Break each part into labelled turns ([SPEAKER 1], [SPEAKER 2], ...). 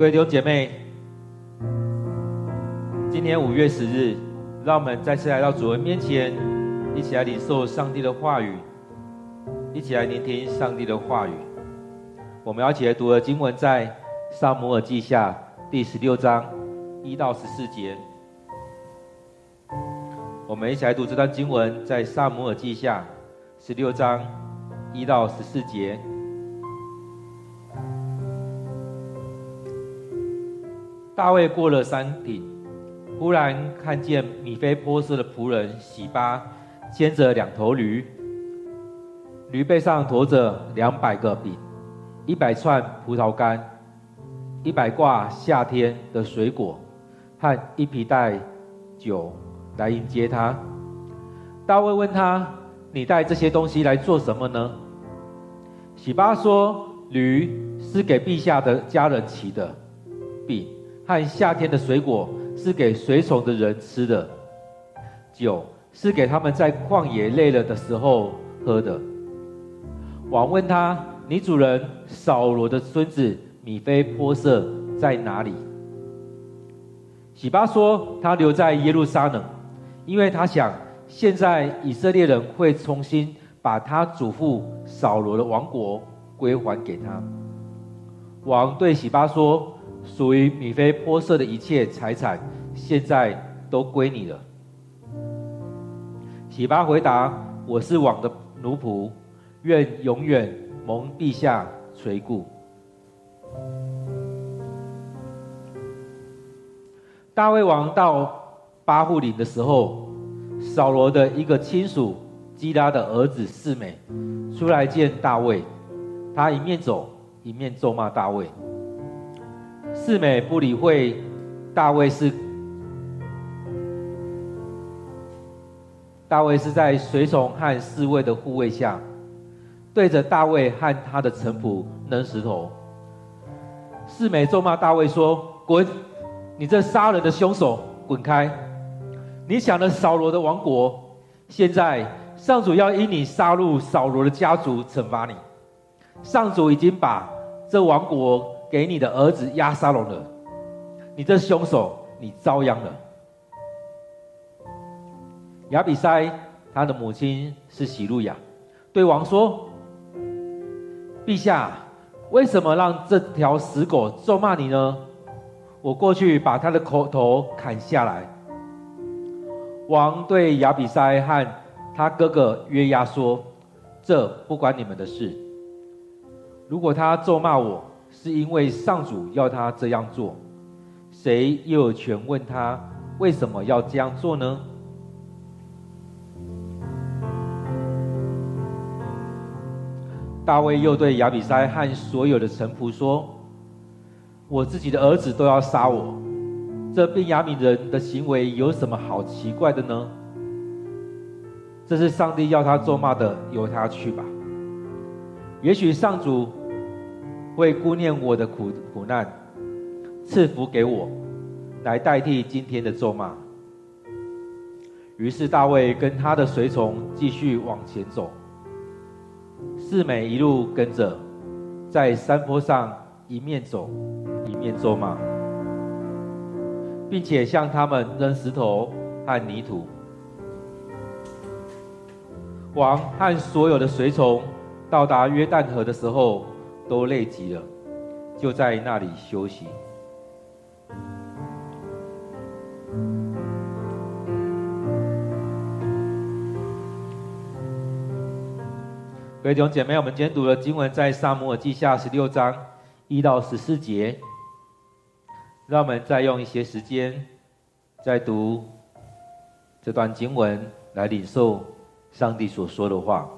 [SPEAKER 1] 各位弟兄姐妹，今年五月十日，讓我們再次來到主人面前，一起來領受上帝的話語，一起來聆聽上帝的話語。我們要一起來讀的經文在《撒母耳記下》第十六章一到十四節。我們一起來讀這段經文在《撒母耳記下》十六章一到十四節。大衛過了山頂，忽然看見米非波斯的僕人洗巴，牽着兩頭驢，驢背上馱着兩百個餅，一百串葡萄乾，一百掛夏天的水果，和一皮袋酒來迎接他。大衛問他：“你帶這些東西來做什麼呢？”洗巴說：“驢是給陛下的家人騎的，餅。”和夏天的水果是給隨從的人吃的，酒是給他們在曠野累了的時候喝的。王問他：“你主人，掃羅的孫子米非波色在哪裡？”喜巴說：“他留在耶路撒冷，因為他想現在以色列人會重新把他祖父掃羅的王國歸還給他。”王對喜巴說。屬於米非波設的一切財產，現在都歸你了。洗巴回答：“我是王的奴僕，願永遠蒙陛下垂顧。”大衛王到巴戶琳的時候，掃羅的一個親屬基拉的兒子示每出來見大衛，他一面走一面咒罵大衛。示每不理會大衛是，大衛是在隨從和侍衛的護衛下，對着大衛和他的臣僕扔石頭。示每咒罵大衛說：“滾！你這殺人的兇手，滾開！你搶了掃羅的王國，現在上主要因你殺戮掃羅的家族懲罰你。上主已經把這王國。”給你的兒子押沙龍了，你這凶手，你遭殃了。亞比篩，他的母親是洗魯雅，對王說：“陛下，為什麼讓這條死狗咒罵你呢？我過去把他的口頭砍下來。”王對亞比篩和他哥哥約押說：“這不關你們的事。如果他咒罵我。”是因為上主要他這樣做，誰又有權問他為什麼要這樣做呢？大衛又對亞比篩和所有的臣僕說：“我自己的兒子都要殺我，這便雅憫人的行為有什麼好奇怪的呢？這是上帝要他咒罵的，由他去吧。也許上主。”會顧念我的苦苦難，賜福給我，來代替今天的咒罵。於是大衛跟他的隨從繼續往前走，示每一路跟着，在山坡上一面走一面咒罵，並且向他們扔石頭和泥土。王和所有的隨從到達約旦河的時候，都累極了，就在那裡休息。各位弟兄姐妹，我們今天讀的經文在《撒母耳記下》十六章一到十四節，讓我們再用一些時間，再讀這段經文，來領受上帝所說的話。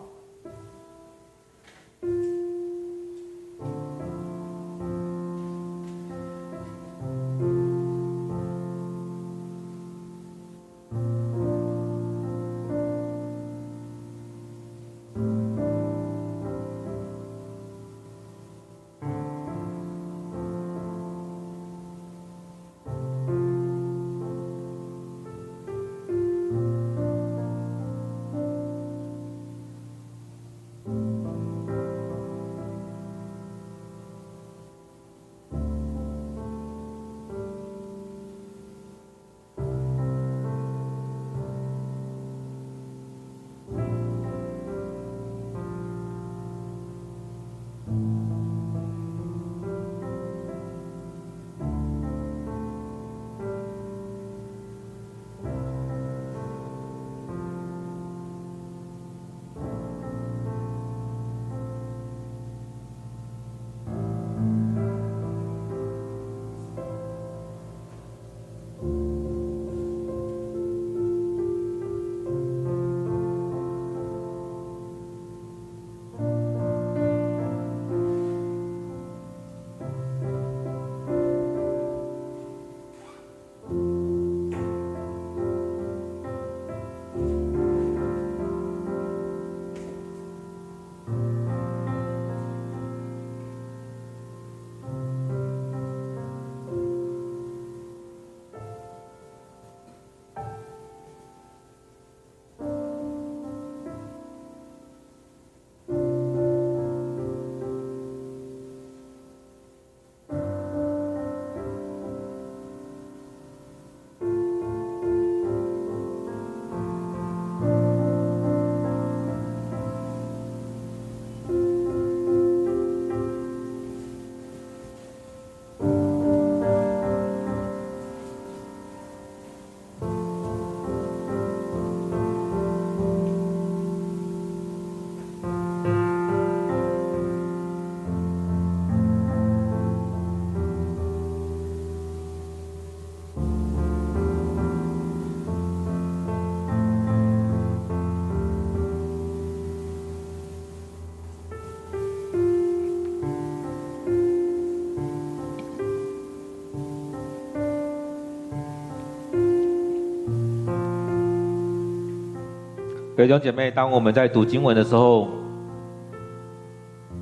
[SPEAKER 1] 弟兄姐妹，當我們在讀經文的時候，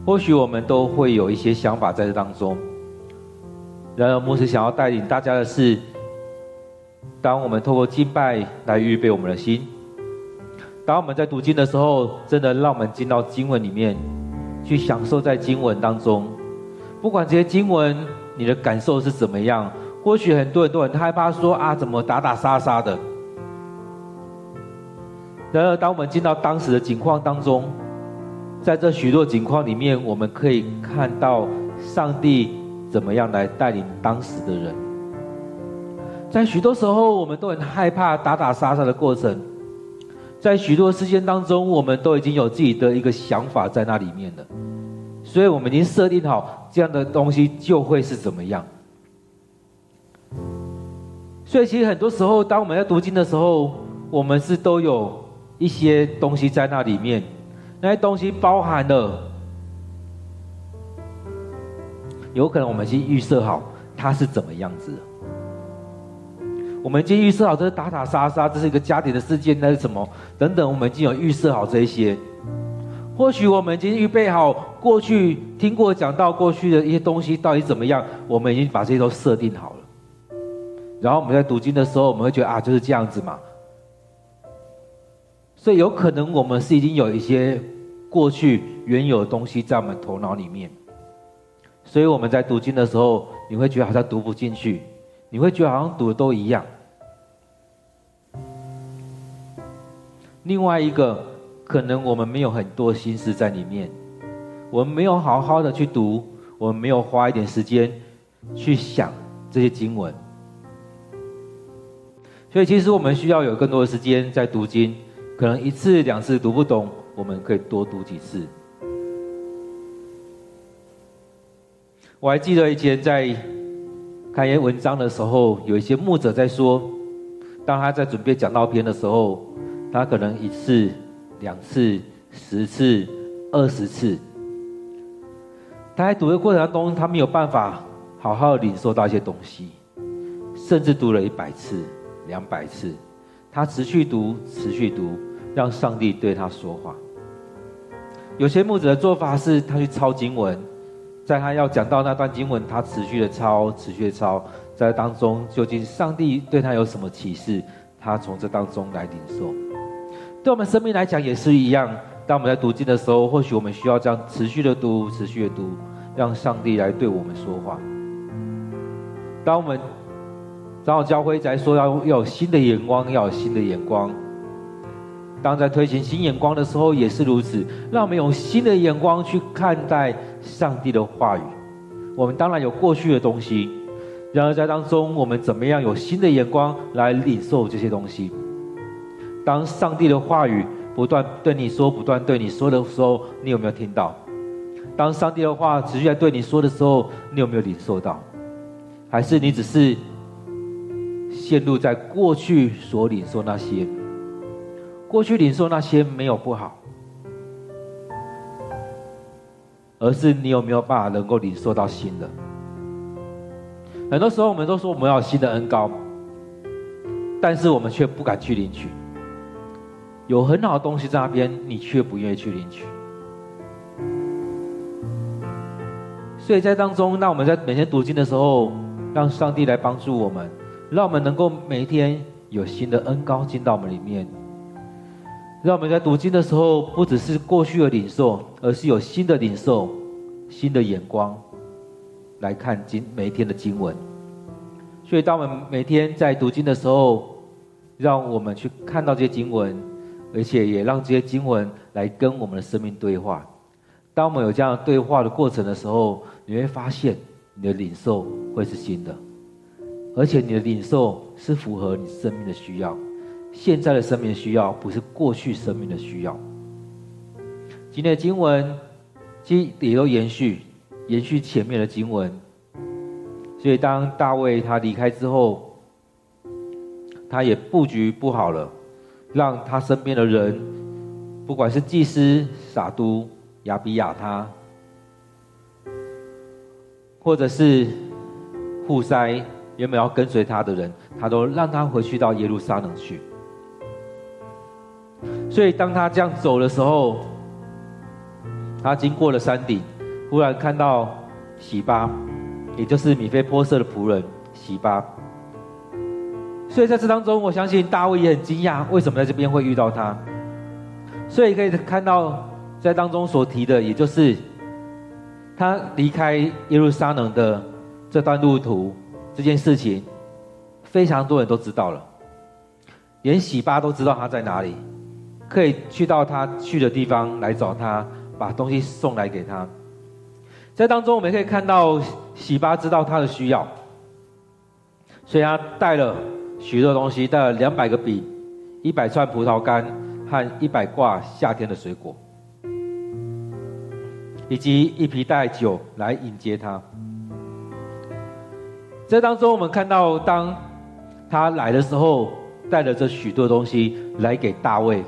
[SPEAKER 1] 或許我們都會有一些想法在這當中。然而，牧師想要帶領大家的是：當我們透過敬拜來預備我們的心；當我們在讀經的時候，真的讓我們進到經文裡面，去享受在經文當中。不管這些經文，你的感受是怎麼樣。或許很多人都很害怕說：“啊，怎麼打打殺殺的？”然而，當我們進到當時的情況當中，在這許多情況裡面，我們可以看到上帝怎麼樣來帶領當時的人。在許多時候，我們都很害怕打打殺殺的過程，在許多事件當中，我們都已經有自己的一個想法在那裡面了，所以我們已經設定好這樣的東西就會是怎麼樣。所以，其實很多時候，當我們在讀經的時候，我們是都有。一些東西在那裡面，那些東西包含了，有可能我們已經預設好它是怎麼樣子。我們已經預設好這是打打殺殺，這是一個家庭的事件，那是什麼？等等，我們已經有預設好這一些。或許我們已經預備好過去聽過講到過去的一些東西到底怎麼樣，我們已經把這些都設定好了。然後我們在讀經的時候，我們會覺得啊，就是這樣子嘛。所以有可能我們是已經有一些過去原有的東西在我們頭腦裡面，所以我們在讀經的時候，你會覺得好像讀不進去，你會覺得好像讀的都一樣。另外一個，可能我們沒有很多心思在裡面，我們沒有好好的去讀，我們沒有花一點時間去想這些經文。所以其實我們需要有更多的時間在讀經。可能一次兩次讀不懂，我們可以多讀幾次。我還記得以前在看一些文章的時候，有一些牧者在說，當他在準備講道篇的時候，他可能一次、兩次、十次、二十次，他在讀的過程當中，他沒有辦法好好的領受到一些東西，甚至讀了一百次、兩百次，他持續讀、持續讀。讓上帝對他說話。有些牧者的做法是，他去抄經文，在他要講到那段經文，他持續的抄，持續的抄，在當中究竟上帝對他有什麼啟示？他從這當中來領受。對我們生命來講也是一樣，當我們在讀經的時候，或許我們需要這樣持續的讀，持續的讀，讓上帝來對我們說話。當我們，長老教會在說，要有新的眼光，要有新的眼光。當在推行新眼光的時候，也是如此。讓我們用新的眼光去看待上帝的話語。我們當然有過去的東西，然而在當中，我們怎麼樣有新的眼光來領受這些東西？當上帝的話語不斷對你說、不斷對你說的時候，你有沒有聽到？當上帝的話持續在對你說的時候，你有沒有領受到？還是你只是陷入在過去所領受那些？過去領受那些沒有不好，而是你有沒有辦法能夠領受到新的？很多時候我們都說我們要有新的恩膏，但是我們卻不敢去領取。有很好的東西在那邊，你卻不願意去領取。所以在當中，那我們在每天讀經的時候，讓上帝來幫助我們，讓我們能夠每一天有新的恩膏進到我們裡面。讓我們在讀經的時候，不只是過去的領受，而是有新的領受、新的眼光來看今每一天的經文。所以，當我們每天在讀經的時候，讓我們去看到這些經文，而且也讓這些經文來跟我們的生命對話。當我們有這樣的對話的過程的時候，你會發現你的領受會是新的，而且你的領受是符合你生命的需要。現在的生命需要，不是過去生命的需要。今天的經文，其理都延續，延續前面的經文。所以，當大衛他離開之後，他也布局不好了，讓他身邊的人，不管是祭司撒督、亞比亞他，或者是戶篩原本要跟隨他的人，他都讓他回去到耶路撒冷去。所以，當他這樣走的時候，他經過了山頂，忽然看到洗巴，也就是米非波設的僕人洗巴。所以，在這當中，我相信大衛也很驚訝，為什麼在這邊會遇到他？所以，可以看到在當中所提的，也就是他離開耶路撒冷的這段路途這件事情，非常多人都知道了，連洗巴都知道他在哪裡。可以去到他去的地方來找他，把東西送來給他。在當中，我們可以看到喜巴知道他的需要，所以他帶了許多東西：帶了兩百個餅、一百串葡萄乾和一百掛夏天的水果，以及一皮袋酒來迎接他。在當中，我們看到當他來的時候，帶了這許多東西來給大衛。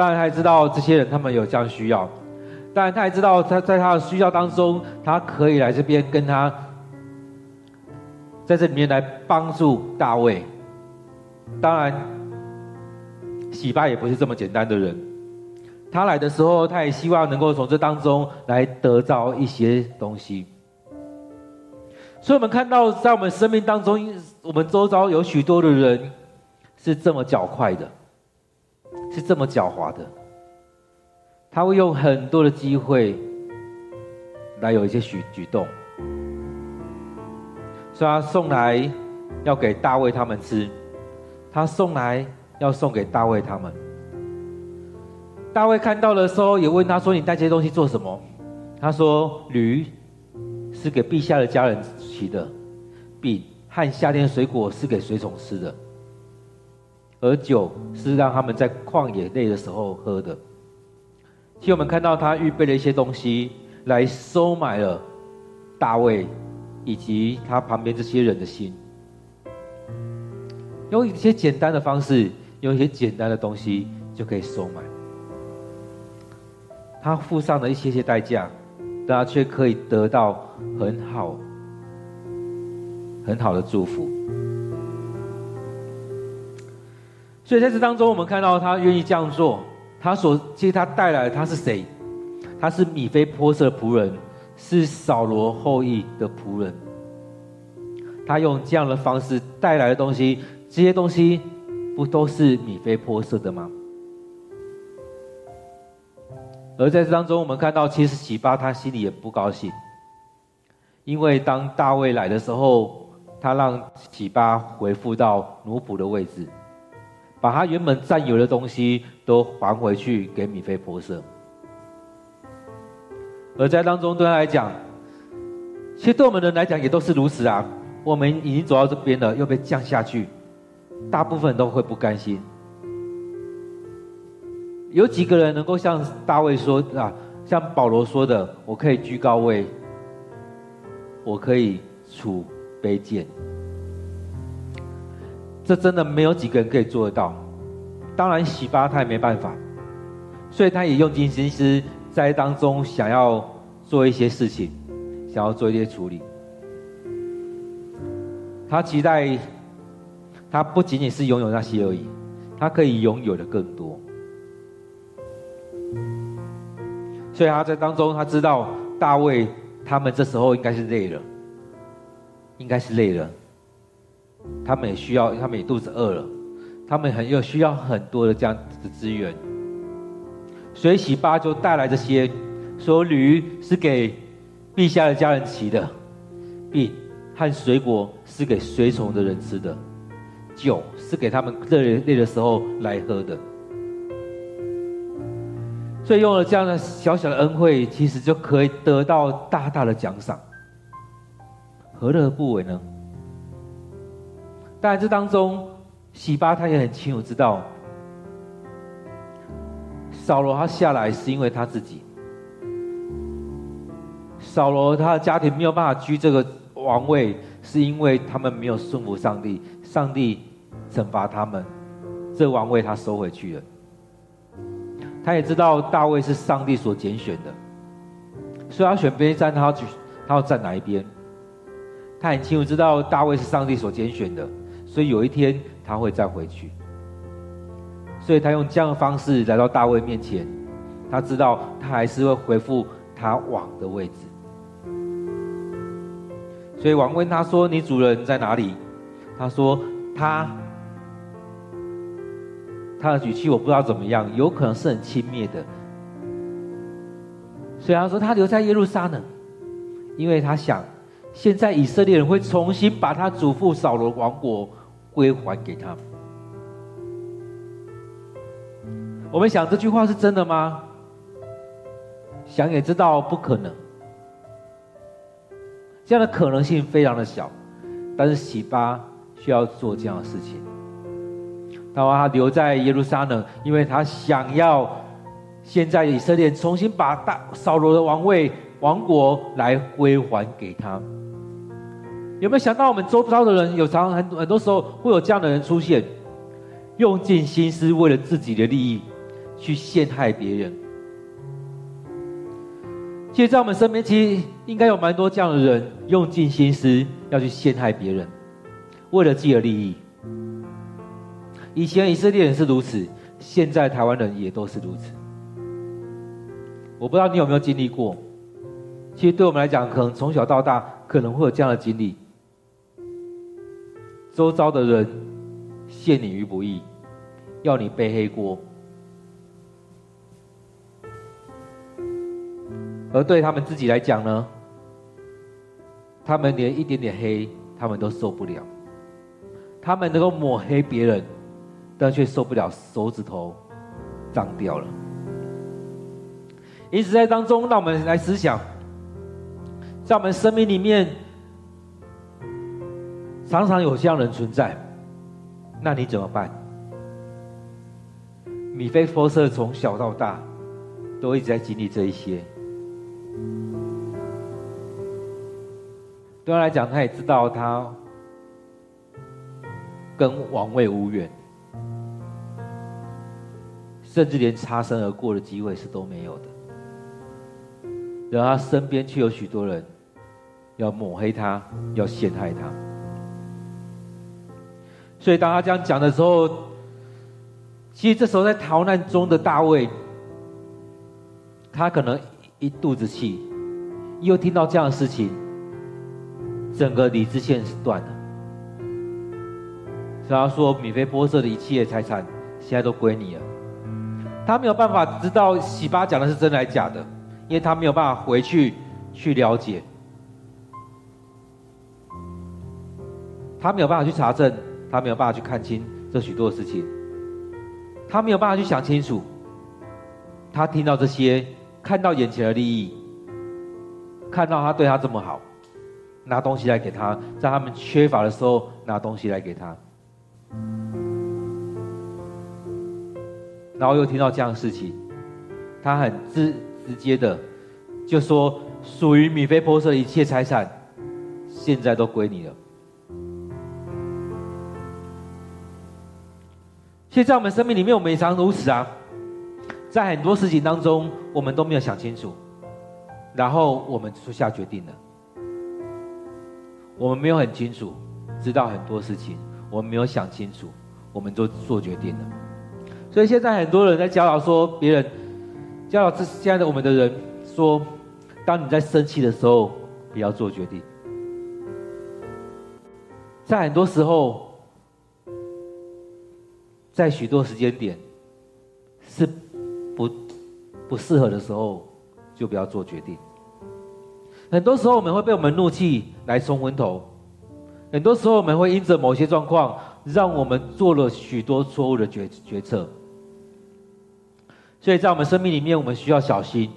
[SPEAKER 1] 當然，他也知道這些人他們有這樣需要。當然，他也知道他在他的需要當中，他可以來這邊跟他在這裡面來幫助大衛。當然，洗巴也不是這麼簡單的人。他來的時候，他也希望能夠從這當中來得到一些東西。所以，我們看到在我們生命當中，我們周遭有許多的人是這麼較快的。是這麼狡猾的，他會用很多的機會來有一些許舉動，所以他送來要給大衛他們吃，他送來要送給大衛他們。大衛看到的時候也問他說：“你帶這些東西做什麼？”他說：“驢是給陛下的家人騎的，餅和夏天的水果是給隨從吃的。”而酒是讓他們在曠野累的時候喝的。其實我們看到他預備了一些東西來收買了大衛以及他旁邊這些人的心，用一些簡單的方式，用一些簡單的東西就可以收買。他付上了一些些代價，但他卻可以得到很好、很好的祝福。所以在這當中，我們看到他願意這樣做。他所其實他帶來的，他是誰？他是米非波設的僕人，是掃羅後裔的僕人。他用這樣的方式帶來的東西，這些東西不都是米非波設的嗎？而在這當中，我們看到其實洗巴他心裡也不高興，因為當大衛來的時候，他讓洗巴回復到奴僕的位置。把他原本佔有的東西都還回去給米非波設。而在當中對他來講，其實對我們的人來講也都是如此啊。我們已經走到這邊了，又被降下去，大部分人都會不甘心。有幾個人能夠像大衛說啊，像保羅說的，我可以居高位，我可以處卑賤。這真的沒有幾個人可以做得到，當然洗巴他也沒辦法，所以他也用盡心思在當中想要做一些事情，想要做一些處理。他期待，他不僅僅是擁有那些而已，他可以擁有的更多。所以他在當中他知道大衛他們這時候應該是累了，應該是累了。他們也需要，他們也肚子餓了，他們很有需要很多的這樣子的資源。水。洗巴就帶來這些，說驢是給陛下的家人騎的，餅和水果是給隨從的人吃的，酒是給他們熱烈的時候來喝的。所以用了這樣的小小的恩惠，其實就可以得到大大的獎賞，何樂而不為呢？當然，但這當中，洗巴他也很清楚知道，掃羅他下來是因為他自己，掃羅他的家庭沒有辦法居這個王位，是因為他們沒有順服上帝，上帝懲罰他們，這王位他收回去了。他也知道大衛是上帝所揀選的，所以他選邊站，他要舉，他要站哪一邊？他很清楚知道大衛是上帝所揀選的。所以有一天他會再回去，所以他用這樣的方式來到大衛面前。他知道他還是會恢復他王的位置。所以王問他說：“你主人在哪裡？”他說：“他……他的語氣我不知道怎麼樣，有可能是很輕蔑的。所以他說他留在耶路撒冷，因為他想現在以色列人會重新把他祖父掃羅王國。”歸還給他。我們想這句話是真的嗎？想也知道不可能，這樣的可能性非常的小，但是洗巴需要做這樣的事情。他說他留在耶路撒冷，因為他想要現在以色列重新把大掃羅的王位、王國來歸還給他。有沒有想到我們周遭的人，有常常很很多時候會有這樣的人出現，用盡心思為了自己的利益去陷害別人。其實，在我們身邊，其實應該有蠻多這樣的人，用盡心思要去陷害別人，為了自己的利益。以前以色列人是如此，現在台灣人也都是如此。我不知道你有沒有經歷過，其實對我們來講，可能從小到大可能會有這樣的經歷。週遭的人陷你於不義，要你背黑鍋，而對他們自己來講呢，他們連一點點黑他們都受不了，他們能夠抹黑別人，但卻受不了手指頭髒掉了。因此，在當中，讓我們來思想，在我們生命裡面，常常有這樣的人存在，那你怎麼辦？米非波設從小到大都一直在經歷這一些。對他來講，他也知道他跟王位無緣，甚至連擦身而過的機會是都沒有的。然而，他身邊卻有許多人要抹黑他，要陷害他。所以，當他這樣講的時候，其實這時候在逃難中的大衛，他可能一肚子氣，又聽到這樣的事情，整個理智線是斷了。所以他說，米非波設的一切的財產現在都歸你了。他沒有辦法知道洗巴講的是真的還是假的，因為他沒有辦法回去去了解，他沒有辦法去查證。他沒有辦法去看清這許多的事情，他沒有辦法去想清楚。他聽到這些，看到眼前的利益，看到他對他這麼好，拿東西來給他，在他們缺乏的時候拿東西來給他，然後又聽到這樣的事情，他很直直接的就說：“屬於米非波設的一切財產，現在都歸你了。”現在我們生命裡面，我們也常如此啊。在很多事情當中，我們都沒有想清楚，然後我們就下決定了。我們沒有很清楚，知道很多事情，我們沒有想清楚，我們都做決定了。所以現在很多人在教導說，別人教導這現在的我們的人說，當你在生氣的時候，不要做決定。在很多時候。在許多時間點，是不不適合的時候，就不要做決定。很多時候，我們會被我們怒氣來沖昏頭；很多時候，我們會因着某些狀況，讓我們做了許多錯誤的決決策。所以在我們生命裡面，我們需要小心，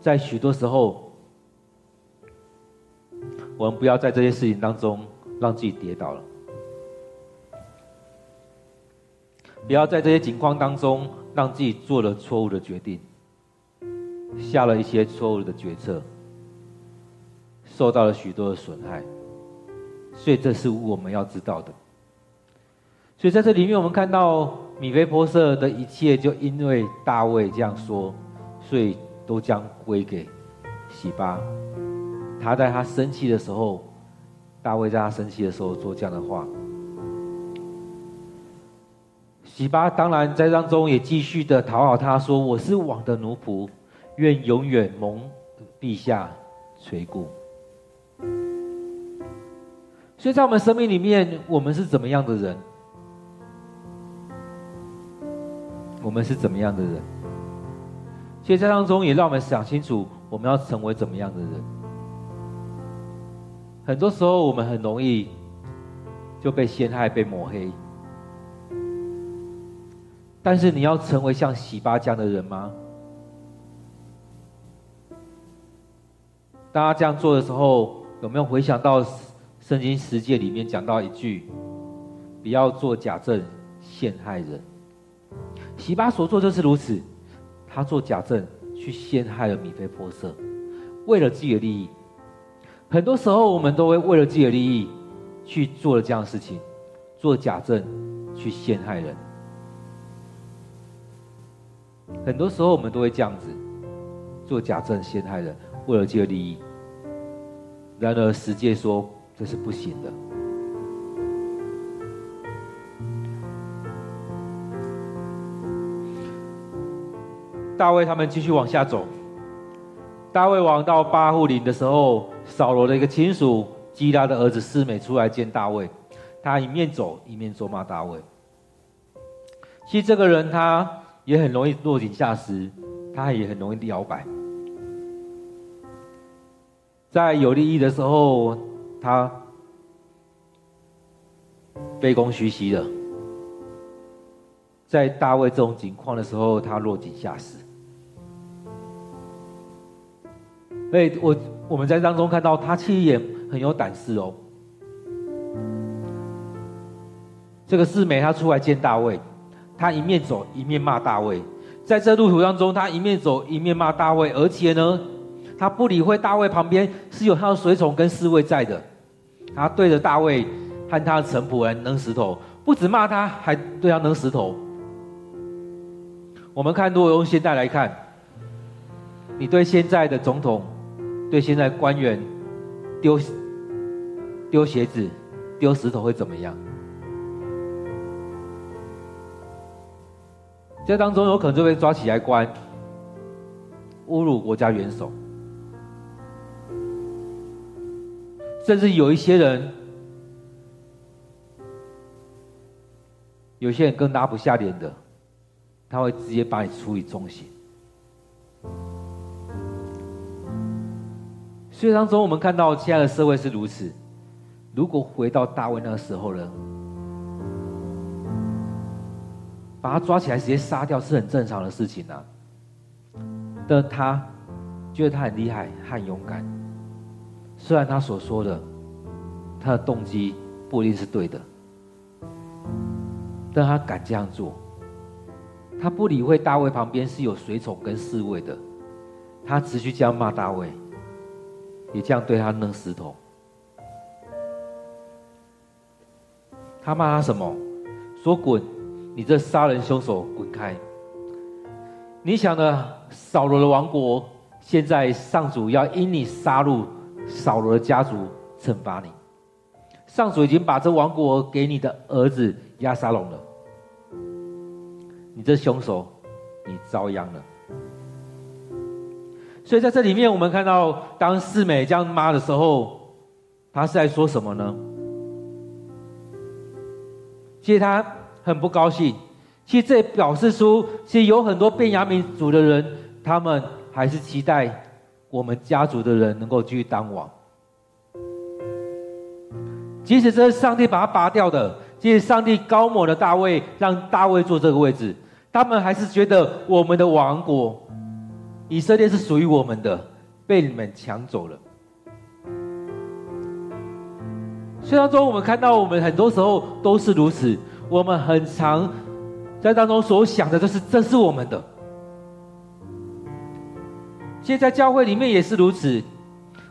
[SPEAKER 1] 在許多時候，我們不要在這些事情當中讓自己跌倒了。不要在這些情況當中讓自己做了錯誤的決定，下了一些錯誤的決策，受到了許多的損害，所以這是我們要知道的。所以在這裡面，我們看到米非波設的一切，就因為大衛這樣說，所以都將歸給洗巴。他在他生氣的時候，大衛在他生氣的時候說這樣的話。洗巴當然在當中也繼續的討好他說：“我是王的奴僕，願永遠蒙陛下垂顧。”所以在我們生命裡面，我們是怎麼樣的人？我們是怎麼樣的人？所以在當中也讓我們想清楚，我們要成為怎麼樣的人？很多時候，我們很容易就被陷害，被抹黑。但是你要成為像洗巴這樣的人嗎？大家這樣做的時候，有沒有回想到《聖經十誡》裡面講到一句：“不要做假證陷害人。”洗巴所做就是如此，他做假證去陷害了米非波設，為了自己的利益。很多時候，我們都會為了自己的利益去做了這樣的事情，做假證去陷害人。很多時候我們都會這樣子，做假證陷害人，為了這個利益。然而，十誡說這是不行的。大衛他們繼續往下走。大衛往到巴戶琳的時候，掃羅的一個親屬基拉的兒子示每出來見大衛，他一面走一面咒罵大衛。其實這個人他，也很容易落井下石，他也很容易搖擺。在有利益的時候，他卑躬屈膝的；在大衛這種境況的時候，他落井下石。所以我我們在當中看到他其實也很有膽識哦。這個示每他出來見大衛。他一面走一面罵大衛，在這路途當中，他一面走一面罵大衛，而且呢，他不理會大衛旁邊是有他的隨從跟侍衛在的，他對着大衛和他的臣僕人扔石頭，不止罵他還對他扔石頭。我們看如果用現在來看，你對現在的總統、對現在官員丟丟鞋子、丟石頭會怎麼樣？在當中，有可能就被抓起來關，侮辱國家元首，甚至有一些人，有些人更拉不下臉的，他會直接把你處以重刑。所以當中，我們看到現在的社會是如此。如果回到大衛那個時候呢？把他抓起來直接殺掉是很正常的事情啊，但他覺得他很厲害，很勇敢。雖然他所說的，他的動機不一定是對的，但他敢這樣做。他不理會大衛旁邊是有隨從跟侍衛的，他持續這樣罵大衛，也這樣對他扔石頭。他罵他什麼？說滾。你這殺人凶手，滾開！你想呢？掃羅的王國，現在上主要因你殺戮掃羅的家族，懲罰你。上主已經把這王國給你的兒子押沙龍了。你這凶手，你遭殃了。所以在這裡面，我們看到，當示每這樣罵的時候，他是在說什麼呢？其實他。很不高興，其實這也表示出，其實有很多便雅憫族的人，他們還是期待我們家族的人能夠繼續當王。即使這是上帝把他拔掉的，即使上帝膏抹了大衛，讓大衛坐這個位置，他們還是覺得我們的王國以色列是屬於我們的，被你們搶走了。雖然說中我們看到，我們很多時候都是如此。我們很常在當中所想的都是這是我們的，現在教會裡面也是如此。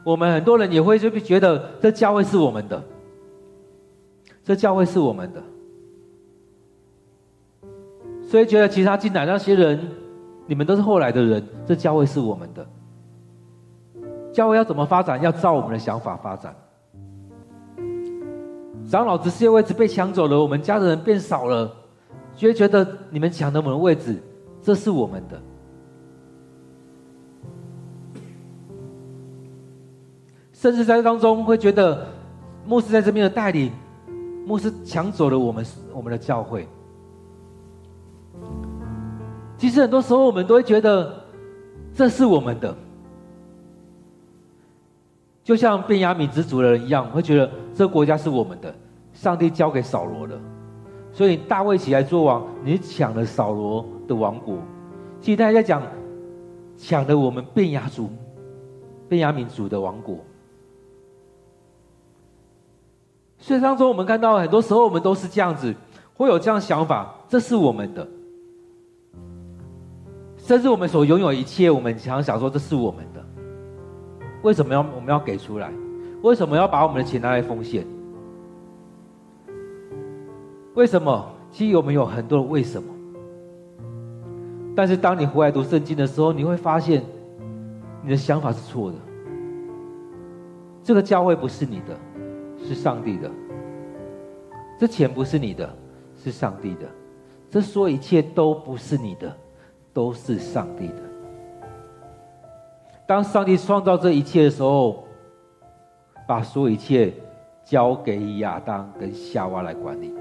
[SPEAKER 1] 我們很多人也會覺得這教會是我們的，這教會是我們的，所以覺得其他進來那些人，你們都是後來的人。這教會是我們的，教會要怎麼發展，要照我們的想法發展。長老職事的位置被搶走了，我們家的人變少了，就會覺得你們搶了我們的位置，這是我們的。甚至在當中會覺得，牧師在這邊的帶領，牧師搶走了我們我們的教會。其實很多時候我們都會覺得，這是我們的。就像便雅憫之族的人一樣，會覺得這個國家是我們的，上帝交給掃羅的，所以大衛起來做王，你搶了掃羅的王國，其實大家在講搶了我們便雅族、便雅憫族的王國。所以當中我們看到，很多時候我們都是這樣子，會有這樣想法，這是我們的，甚至我們所擁有一切，我們常常想說這是我們的。為什麼要我們要給出來？為什麼要把我們的錢拿來奉獻？為什麼？其實我們有很多的為什麼。但是當你回來讀聖經的時候，你會發現，你的想法是錯的。這個教會不是你的，是上帝的；這錢不是你的，是上帝的。這所有一切都不是你的，都是上帝的。當上帝創造這一切的時候，把所有一切交給亞當跟夏娃來管理。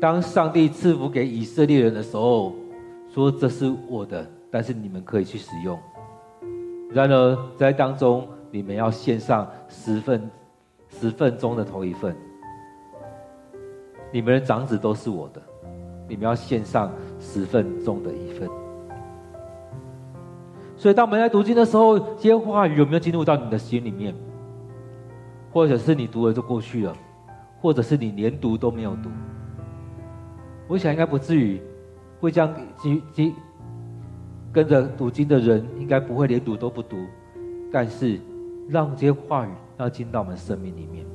[SPEAKER 1] 當上帝賜福給以色列人的時候，說這是我的，但是你們可以去使用。然而在當中，你們要獻上十份，十份中的頭一份。你們的長子都是我的，你們要獻上十份中的一份。所以，當我們在讀經的時候，這些話語有沒有進入到你的心裡面？或者是你讀了就過去了，或者是你連讀都沒有讀？我想應該不至於，會這樣。跟跟着讀經的人，應該不會連讀都不讀。但是，讓這些話語要進到我們生命裡面。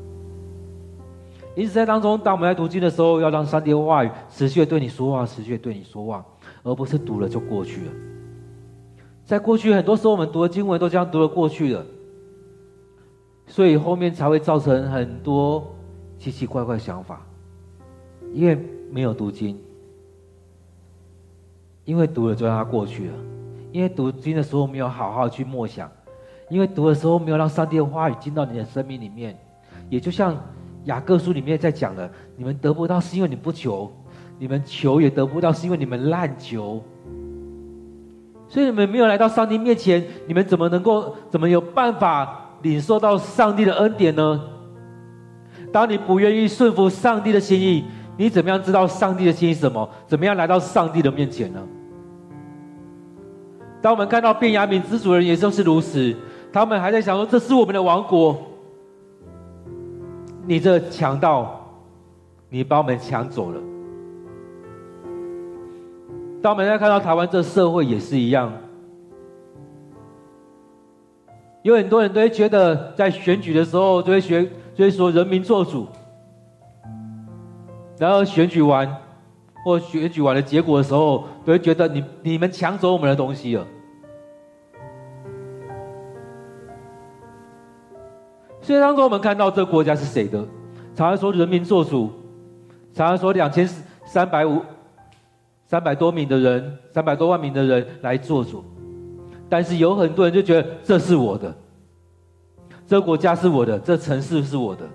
[SPEAKER 1] 因此，在當中，當我們在讀經的時候，要讓上帝的話語持續地對你說話，持續地對你說話，而不是讀了就過去了。在過去，很多時候我們讀的經文都這樣讀了過去的，所以後面才會造成很多奇奇怪怪的想法，因為沒有讀經，因為讀了就讓它過去了，因為讀經的時候沒有好好去默想，因為讀的時候沒有讓上帝的話語進到你的生命裡面，也就像雅各書裡面在講的，你們得不到是因為你不求，你們求也得不到是因為你們濫求。所以你們沒有來到上帝面前，你們怎麼能夠、怎麼有辦法領受到上帝的恩典呢？當你不願意順服上帝的心意，你怎麼樣知道上帝的心意？什麼？怎麼樣來到上帝的面前呢？當我們看到便雅憫之主的人也正是如此，他們還在想說：“這是我們的王國，你這強盜，你把我們搶走了。”當我們在看到台灣這社會也是一樣，有很多人都會覺得，在選舉的時候都會選，就會說人民做主。然後選舉完，或選舉完的結果的時候，都會覺得你你們搶走我們的東西了。所以當中我們看到這個國家是誰的？常常說人民做主，常常說兩千三百五、三百多名的人，三百多萬名的人來做主，但是有很多人就覺得這是我的，這國家是我的，這城市是我的，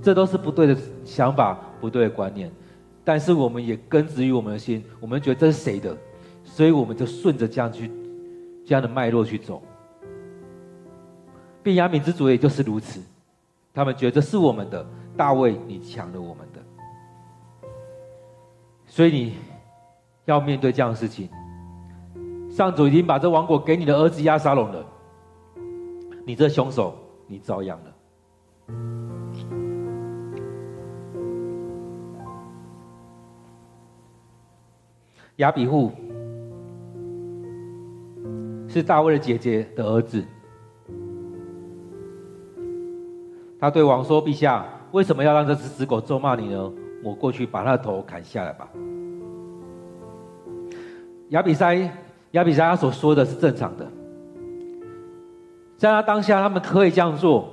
[SPEAKER 1] 這都是不對的想法，不對的觀念。但是我們也根植於我們的心，我們覺得這是誰的，所以我們就順着這樣去，這樣的脈絡去走。便雅憫之族也就是如此，他們覺得是我們的大衛，你搶了我們。所以你要面對這樣的事情，上主已經把這王國給你的兒子押沙龍了，你這兇手，你遭殃了。亞比戶是大衛的姐姐的兒子，他對王說：“陛下，為什麼要讓這隻死狗咒罵你呢？”我過去把他的頭砍下來吧。亞比篩，亞比篩他所說的是正常的，在他當下他們可以這樣做，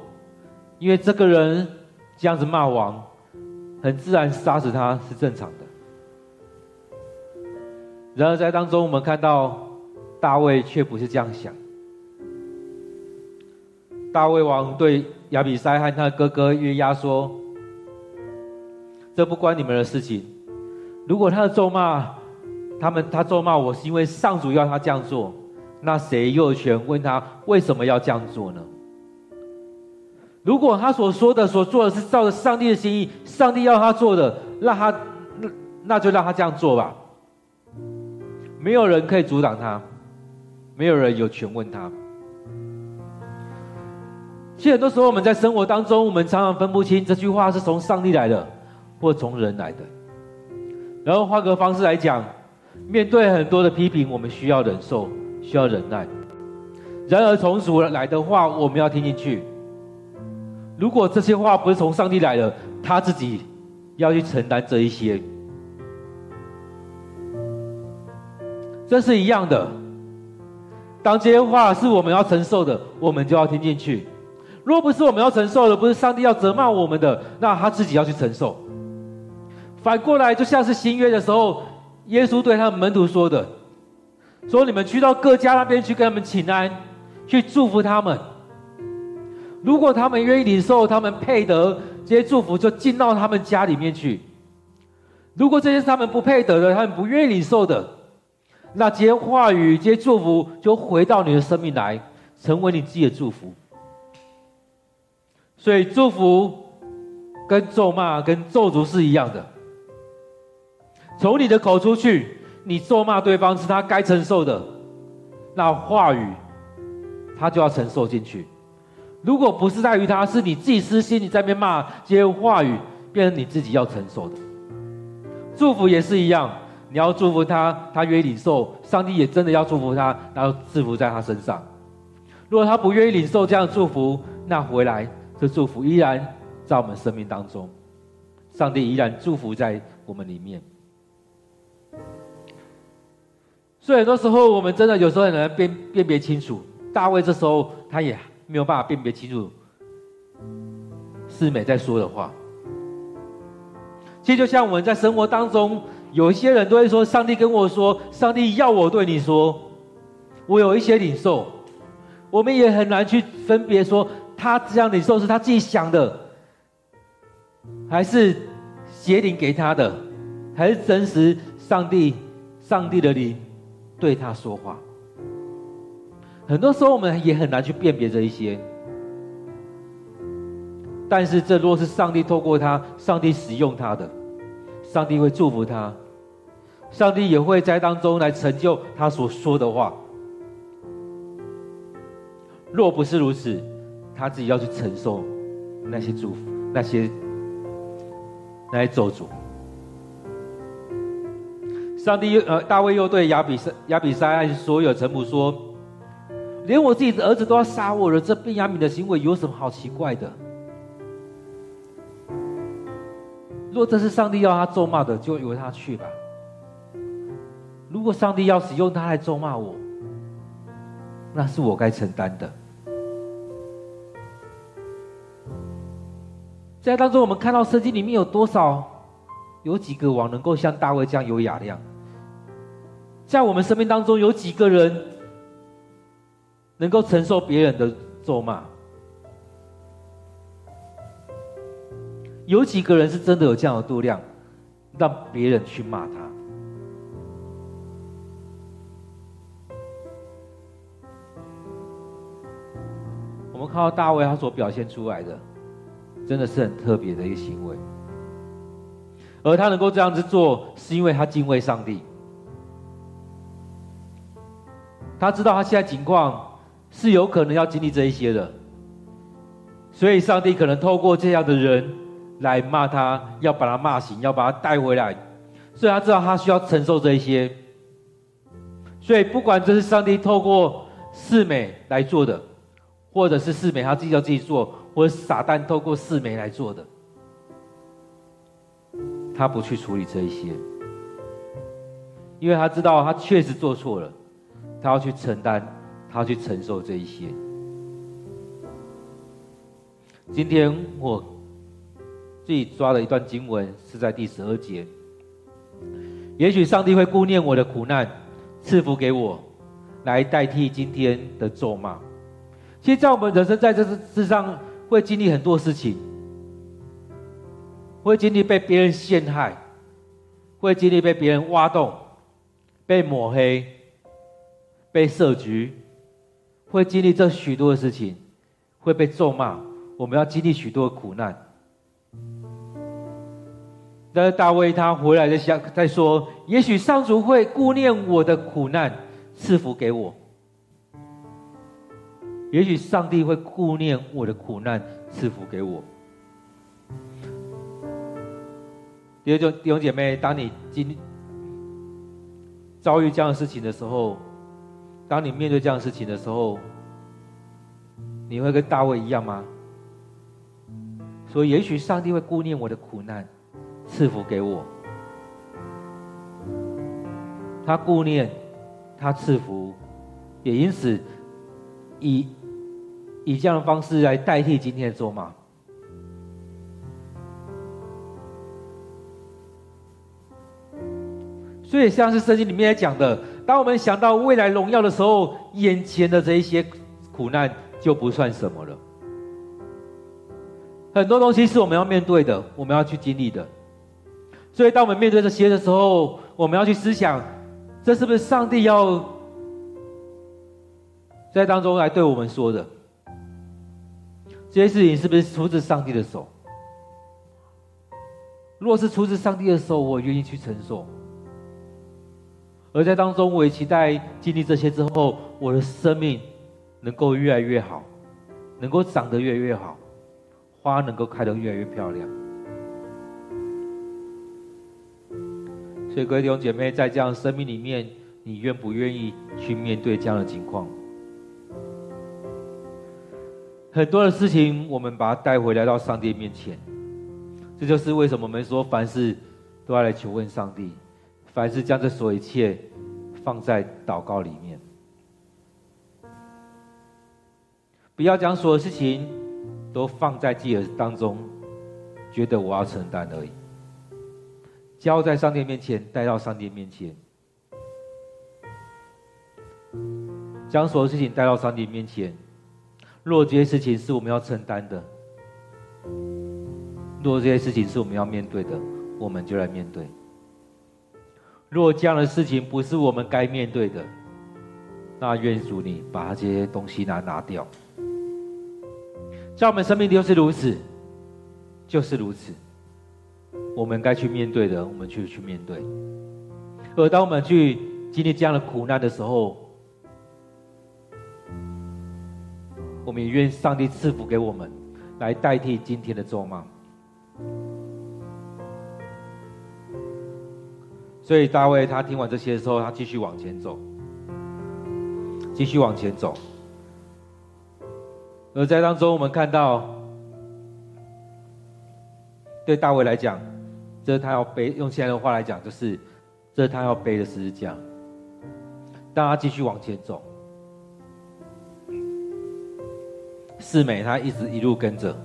[SPEAKER 1] 因為這個人這樣子罵王，很自然殺死他是正常的。然而在當中，我們看到大衛卻不是這樣想。大衛王對亞比篩和他的哥哥約押說。這不關你們的事情。如果他的咒罵他們，他咒罵我是因為上主要他這樣做，那誰又有權問他為什麼要這樣做呢？如果他所說的、所做的是照着上帝的心意，上帝要他做的，讓他那那就讓他這樣做吧。沒有人可以阻擋他，沒有人有權問他。其實很多時候我們在生活當中，我們常常分不清這句話是從上帝來的。或從人來的，然後換個方式來講，面對很多的批評，我們需要忍受，需要忍耐。然而從主來的話，我們要聽進去。如果這些話不是從上帝來的，他自己要去承擔這一些。這是一樣的。當這些話是我們要承受的，我們就要聽進去。若不是我們要承受的，不是上帝要責罵我們的，那他自己要去承受。反過來，就像是新約的時候，耶穌對他們門徒說的：“說你們去到各家那邊去，跟他們請安，去祝福他們。如果他們願意領受，他們配得這些祝福，就進到他們家裡面去；如果這些是他們不配得的，他們不願意領受的，那這些話語、這些祝福就回到你的生命來，成為你自己的祝福。所以，祝福跟咒罵、跟咒詛是一樣的。”從你的口出去，你咒罵對方是他該承受的，那話語，他就要承受進去。如果不是在於他，是你自己私心，你在那邊罵，這些話語變成你自己要承受的。祝福也是一樣，你要祝福他，他願意領受，上帝也真的要祝福他，然後祝福在他身上。如果他不願意領受這樣的祝福，那回來這祝福依然在我們生命當中，上帝依然祝福在我們裡面。所以很多時候，我們真的有時候很難辨辨別清楚。大衛這時候他也沒有辦法辨別清楚、示每在說的話。其實就像我們在生活當中，有一些人都會說：“上帝跟我說，上帝要我對你說。”我有一些領受，我們也很難去分別說，他這樣領受是他自己想的，還是邪靈給他的，還是真實上帝、上帝的靈對他說話，很多時候我們也很難去辨別這一些，但是這若是上帝透過他，上帝使用他的，上帝會祝福他，上帝也會在當中來成就他所說的話。若不是如此，他自己要去承受那些祝福，那些那些咒詛。上帝又，呃，大衛又對亞比、亞比篩所有的臣僕說：“連我自己的兒子都要殺我了，這便雅憫的行為有什麼好奇怪的？如果這是上帝要他咒罵的，就由他去吧。如果上帝要使用他來咒罵我，那是我該承擔的。”在當中，我們看到聖經裡面有多少？有幾個王能夠像大衛這樣有雅量？在我們生命當中，有幾個人能夠承受別人的咒罵？有幾個人是真的有這樣的度量，讓別人去罵他？我們看到大衛他所表現出來的，真的是很特別的一個行為。而他能夠這樣子做，是因為他敬畏上帝。他知道他現在情況是有可能要經歷這一些的，所以上帝可能透過這樣的人來罵他，要把他罵醒，要把他帶回來。所以他知道他需要承受這一些。所以不管這是上帝透過示每來做的，或者是示每他自己要自己做，或者撒旦透過示每來做的。他不去處理這一些，因為他知道他確實做錯了，他要去承擔，他要去承受這一些。今天我自己抓了一段經文，是在第十二節。也許上帝會顧念我的苦難，賜福給我，來代替今天的咒罵。其實，在我們人生在這世上，會經歷很多事情。會經歷被別人陷害，會經歷被別人挖洞、被抹黑、被設局，會經歷這許多的事情，會被咒罵。我們要經歷許多的苦難。但是大衛他回來的下，再說：“也許上主會顧念我的苦難，賜福給我；也許上帝會顧念我的苦難，賜福給我。”第二種，弟兄姐妹，當你今遭遇這樣的事情的時候，當你面對這樣的事情的時候，你會跟大衛一樣嗎？所以，也許上帝會顧念我的苦難，賜福給我。他顧念，他賜福，也因此以以這樣的方式來代替今天的咒罵。所以，像是聖經裡面也講的，當我們想到未來榮耀的時候，眼前的這一些苦難就不算什麼了。很多東西是我們要面對的，我們要去經歷的。所以，當我們面對這些的時候，我們要去思想，這是不是上帝要在當中來對我們說的？這些事情是不是出自上帝的手？如果是出自上帝的手，我願意去承受。而在當中，我也期待經歷這些之後，我的生命能夠越來越好，能夠長得越來越好，花能夠開得越來越漂亮。所以，各位弟兄姐妹，在這樣生命裡面，你願不願意去面對這樣的情況？很多的事情，我們把它帶回來到上帝面前，這就是為什麼我們說凡事都要來求問上帝。凡事將這所有一切放在禱告裡面，不要將所有事情都放在記憶當中，覺得我要承擔而已。交在上帝面前，帶到上帝面前，將所有事情帶到上帝面前。若這些事情是我們要承擔的，若這些事情是我們要面對的，我們就來面對。若這樣的事情不是我們該面對的，那願主你把這些東西拿拿掉。在我們生命裡又是如此，就是如此。我們該去面對的，我們去去面對。而當我們去經歷這樣的苦難的時候，我們也願上帝賜福給我們，來代替今天的咒罵。所以大衛他聽完這些之後，他繼續往前走，繼續往前走。而在當中，我們看到，對大衛來講，這是他要背用現在的話來講，就是這是他要背的十字架。但他繼續往前走，示每他一直一路跟着，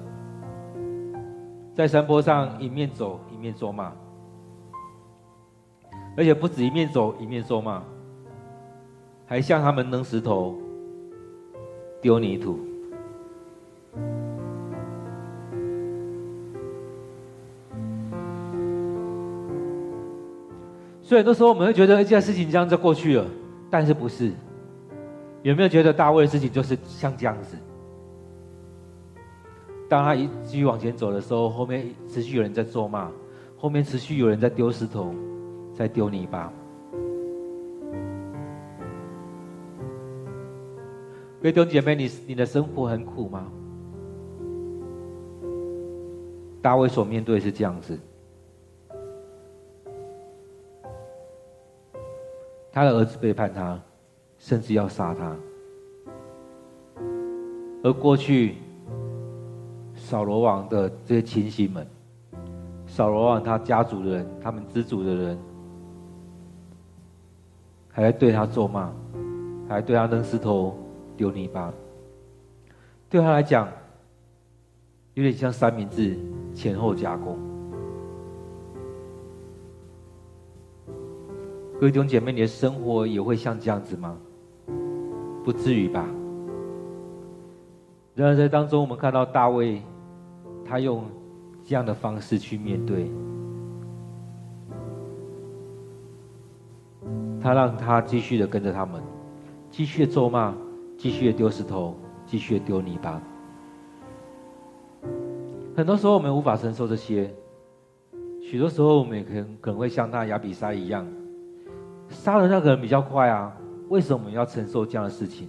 [SPEAKER 1] 在山坡上一面走一面咒罵。而且不止一面走一面咒罵，還向他們扔石頭、丟泥土。所以很多時候我們會覺得一件事情這樣就過去了，但是不是？有沒有覺得大衛的事情就是像這樣子？當他一繼續往前走的時候，後面持續有人在咒罵，後面持續有人在丟石頭。再丟你一把，弟兄姐妹，你你的生活很苦嗎？大衛所面對是這樣子，他的兒子背叛他，甚至要殺他，而過去掃羅王的這些親信們，掃羅王他家族的人，他們支族的人。還在對他咒罵，還對他扔石頭、丟泥巴。對他來講，有點像三明治前後加工。各位弟兄姐妹，你的生活也會像這樣子嗎？不至於吧。然而在當中，我們看到大衛，他用這樣的方式去面對。他讓他繼續的跟着他們，繼續的咒罵，繼續的丟石頭，繼續的丟泥巴。很多時候我們無法承受這些，許多時候我們也可能可能會像那亞比篩一樣，殺了那個人比較快啊？為什麼我們要承受這樣的事情？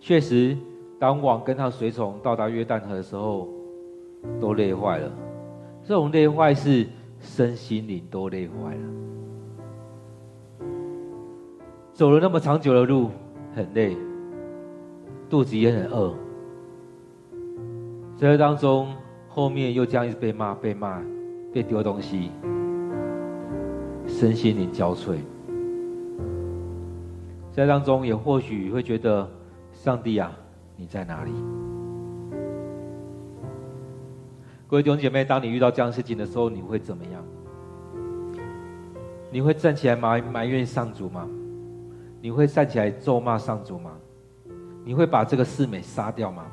[SPEAKER 1] 確實，當王跟他隨從到達約旦河的時候，都累壞了。這種累壞是身心靈都累壞了，走了那麼長久的路很累，肚子也很餓，在當中後面又這樣一直被罵、被罵、被丟東西，身心靈交瘁。在當中也或許會覺得，上帝啊，你在哪裡？各位弟兄姐妹，當你遇到這樣的事情的時候，你會怎麼樣？你會站起來埋埋怨上主嗎？你會站起來咒罵上主嗎？你會把這個示每殺掉嗎？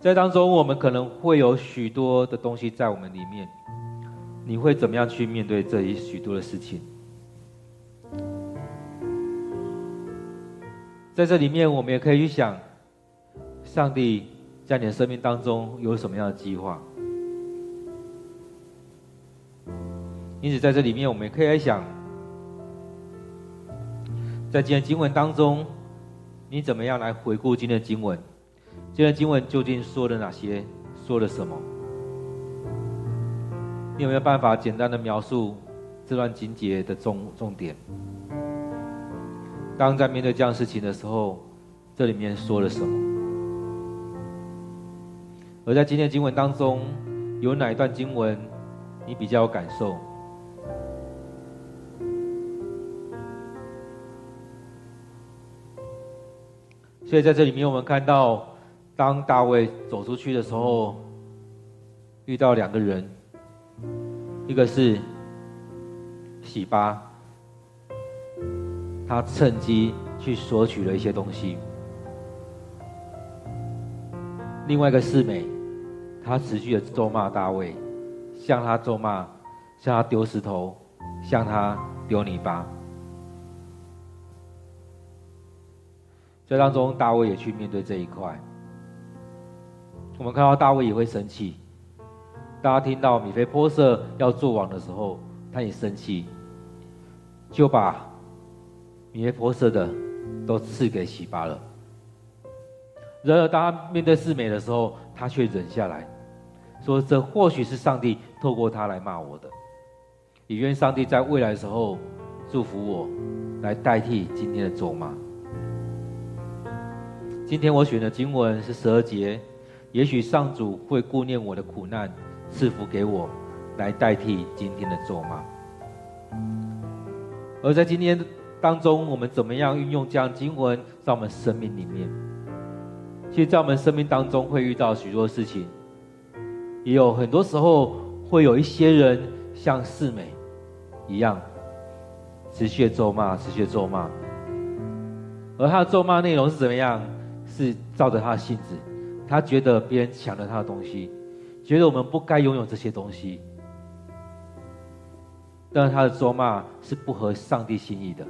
[SPEAKER 1] 在當中，我們可能會有許多的東西在我們裡面，你會怎麼樣去面對這一許多的事情？在這裡面，我們也可以去想，上帝，在你的生命當中有什麼樣的計劃？因此，在這裡面，我們也可以來想，在今天的經文當中，你怎麼樣來回顧今天的經文？今天的經文究竟說了哪些？說了什麼？你有沒有辦法簡單地描述這段情節的重重點？當在面對這樣事情的時候，這裡面說了什麼？而在今天的經文當中，有哪一段經文你比較有感受？所以在這裡面，我們看到，當大衛走出去的時候，遇到兩個人，一個是洗巴，他趁機去索取了一些東西；另外一個是美。他持續的咒罵大衛，向他咒罵，向他丟石頭，向他丟泥巴。這當中大衛也去面對這一塊。我們看到大衛也會生氣，大家聽到米非波設要做王的時候，他也生氣，就把米非波設的都賜給洗巴了。然而，當他面對示每的時候，他卻忍下來。說：“這或許是上帝透過他來罵我的，也願上帝在未來的時候祝福我，來代替今天的咒罵。”今天我選的經文是十二節，也許上主會顧念我的苦難，賜福給我，來代替今天的咒罵。而在今天當中，我們怎麼樣運用這樣經文在我們生命裡面？其實，在我們生命當中會遇到許多事情。也有很多時候，會有一些人像示每一樣，持續的咒罵，持續的咒罵。而他的咒罵內容是怎麼樣？是照着他的性子，他覺得別人搶了他的東西，覺得我們不該擁有這些東西。但是他的咒罵是不合上帝心意的。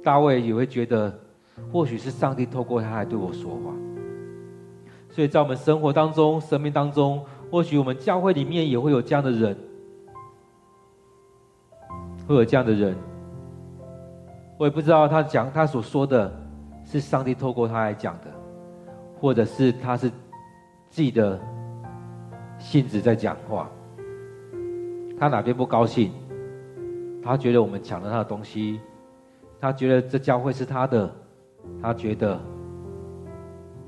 [SPEAKER 1] 大衛也會覺得，或許是上帝透過他來對我說話。所以在我們生活當中，生命當中，或許我們教會裡面也會有這樣的人，會有這樣的人。我也不知道他講他所說的是上帝透過他來講的，或者是他是自己的性子在講話。他哪邊不高興，他覺得我們搶了他的東西，他覺得這教會是他的，他覺得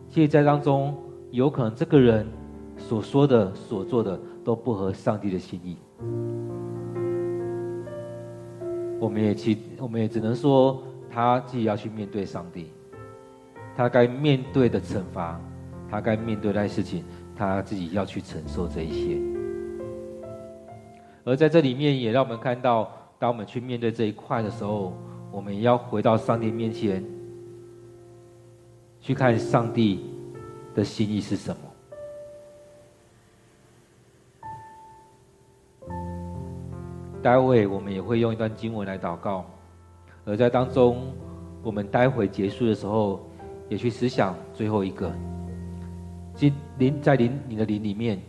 [SPEAKER 1] 其實在當中。有可能這個人所說的、所做的都不合上帝的心意。我們也去，我們也只能說，他自己要去面對上帝，他該面對的懲罰，他該面對的事情，他自己要去承受這一些。而在這裡面，也讓我們看到，當我們去面對這一塊的時候，我們也要回到上帝面前，去看上帝。的心意是什麼？待會我們也會用一段經文來禱告，而在當中，我們待會結束的時候，也去思想最後一個。今，靈在您你的靈裡面，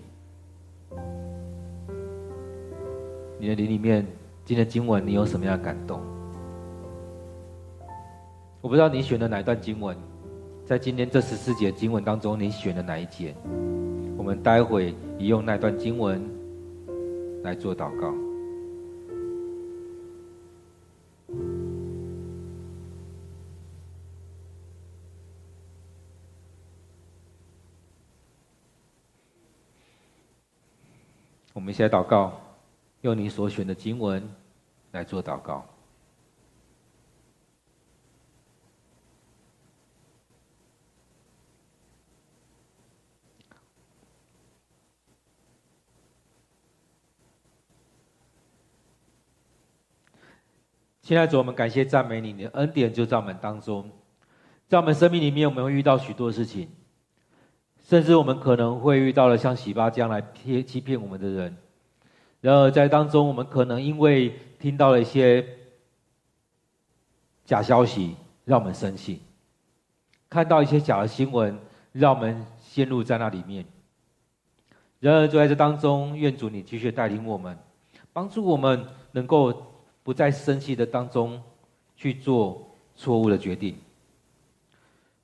[SPEAKER 1] 你的靈裡面，今天的經文你有什麼樣的感動？我不知道你選的哪一段經文。在今天這十四節經文當中，你選了哪一節？我們待會也用那段經文來做禱告。我們先禱告，用你所選的經文來做禱告。現在主，我們感謝讚美你，你的恩典就在我們當中。在我們生命裡面，我們會遇到許多事情，甚至我們可能會遇到了像洗巴這樣來騙欺騙我們的人。然而在當中，我們可能因為聽到了一些假消息，讓我們生氣；看到一些假的新聞，讓我們陷入在那裡面。然而就在這當中，願主你繼續帶領我們，幫助我們能夠，不在生氣的當中去做錯誤的決定，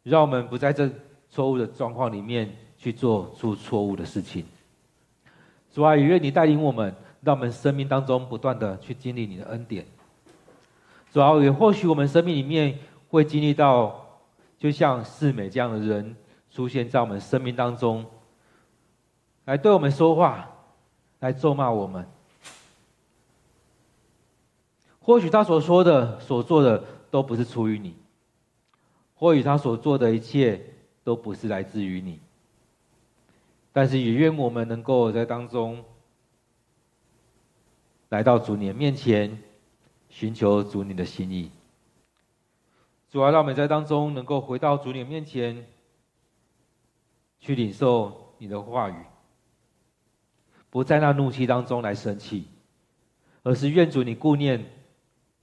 [SPEAKER 1] 讓我們不在這錯誤的狀況裡面去做出錯誤的事情。主啊，也願你帶領我們，讓我們生命當中不斷的去經歷你的恩典。主啊，也或許我們生命裡面會經歷到，就像示每這樣的人出現在我們生命當中，來對我們說話，來咒罵我們。或許他所說的、所做的都不是出於你；或許他所做的一切都不是來自於你。但是也願我們能夠在當中來到主你的面前，尋求主你的心意。主啊，讓我們在當中能夠回到主你的面前，去領受你的話語，不在那怒氣當中來生氣，而是願主你顧念。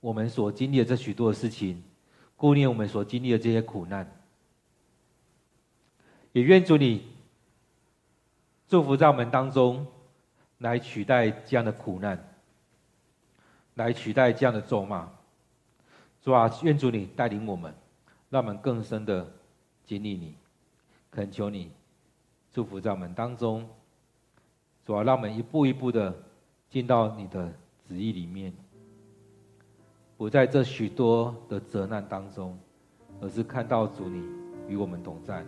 [SPEAKER 1] 我們所經歷的這許多的事情，顧念我們所經歷的這些苦難，也願主你祝福在我們當中，來取代這樣的苦難，來取代這樣的咒罵。主啊，願主你帶領我們，讓我們更深的經歷你，懇求你祝福在我們當中。主啊，讓我們一步一步的進到你的旨意裡面。不在這許多的責難當中，而是看到主你與我們同在。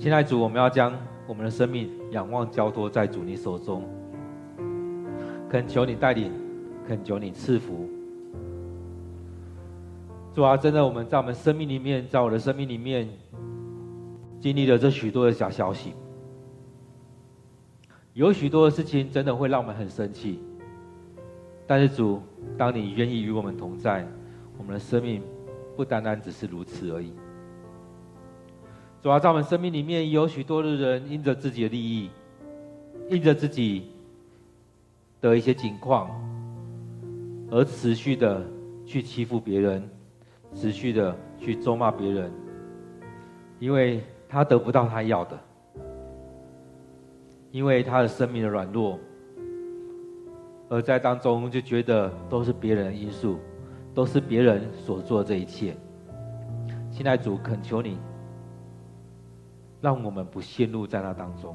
[SPEAKER 1] 親愛主，我們要將我們的生命仰望交托在主你手中，懇求你帶領，懇求你賜福。主啊，真的，我們在我們生命裡面，在我的生命裡面，經歷了這許多的小消息，有許多的事情真的會讓我們很生氣。但是主，當你願意與我們同在，我們的生命不單單只是如此而已。主啊，在我們生命裡面有許多的人，因着自己的利益，因着自己的一些情況，而持續的去欺負別人，持續的去咒罵別人，因為他得不到他要的，因為他的生命的軟弱。而在當中就覺得都是別人的因素，都是別人所做的這一切。現在主懇求你，讓我們不陷入在那當中，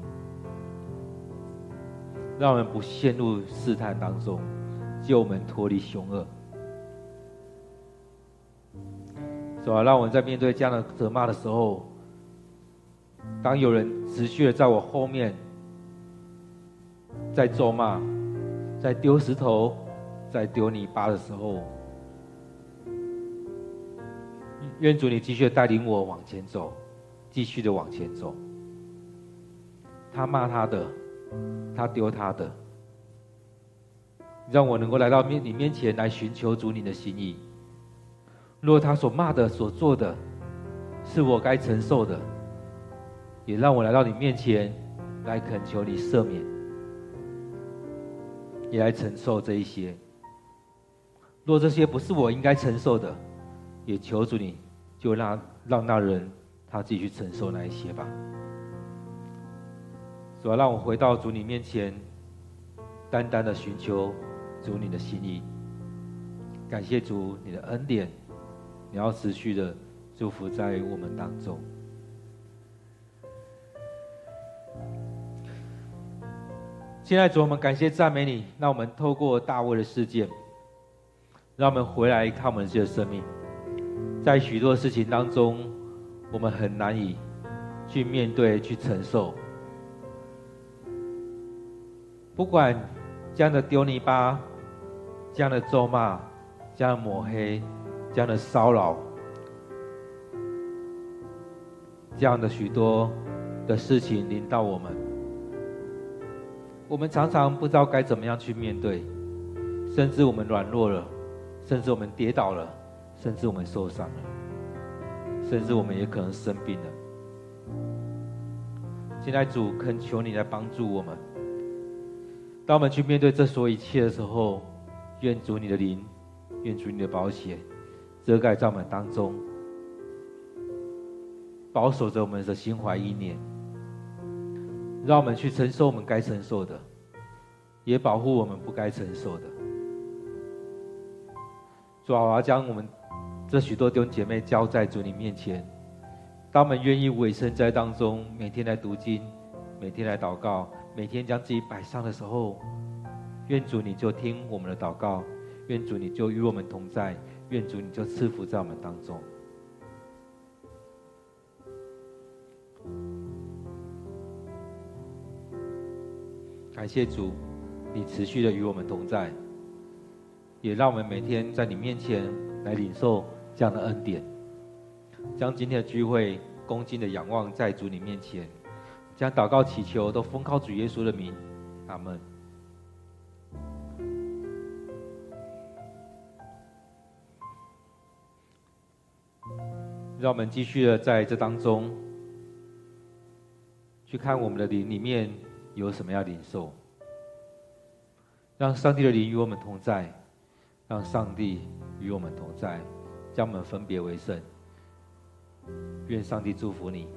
[SPEAKER 1] 讓我們不陷入試探當中，救我們脫離兇惡。是吧？讓我們在面對這樣的責罵的時候，當有人持續的在我後面在咒罵，在丟石頭、在丟泥巴的時候，願主你繼續帶領我往前走，繼續的往前走。他罵他的，他丟他的，讓我能夠來到面你面前來尋求主你的心意。如果他所罵的、所做的，是我該承受的，也讓我來到你面前來懇求你赦免。也來承受這一些。若這些不是我應該承受的，也求主你，就讓讓那人他自己去承受那一些吧。主要讓我回到主你面前，單單的尋求主你的心意。感謝主你的恩典，你要持續的祝福在我們當中。現在，主我們感謝讚美你。讓我們透過大衛的事件，讓我們回來看我們自己的生命。在許多事情當中，我們很難以去面對、去承受。不管這樣的丟泥巴、這樣的咒罵、這樣的抹黑、這樣的騷擾、這樣的許多的事情臨到我們。我們常常不知道該怎麼樣去面對，甚至我們軟弱了，甚至我們跌倒了，甚至我們受傷了，甚至我們也可能生病了。現在主懇求你來幫助我們，當我們去面對這所有一切的時候，願主你的靈，願主你的寶血遮蓋在我們當中，保守着我們的心懷意念。讓我們去承受我們該承受的，也保護我們不該承受的。主啊，將我們這許多弟兄姐妹交在主你面前。當我們願意委身在當中，每天來讀經，每天來禱告，每天將自己擺上的時候，願主你就聽我們的禱告，願主你就與我們同在，願主你就賜福在我們當中。感謝主，你持續的與我們同在，也讓我們每天在你面前來領受這樣的恩典。將今天的聚會恭敬的仰望在主你面前，將禱告祈求都奉靠主耶穌的名。阿門。讓我們繼續的在這當中，去看我們的靈裡面。有什麼要領受？讓上帝的靈與我們同在，讓上帝與我們同在，將我們分別為聖。願上帝祝福你。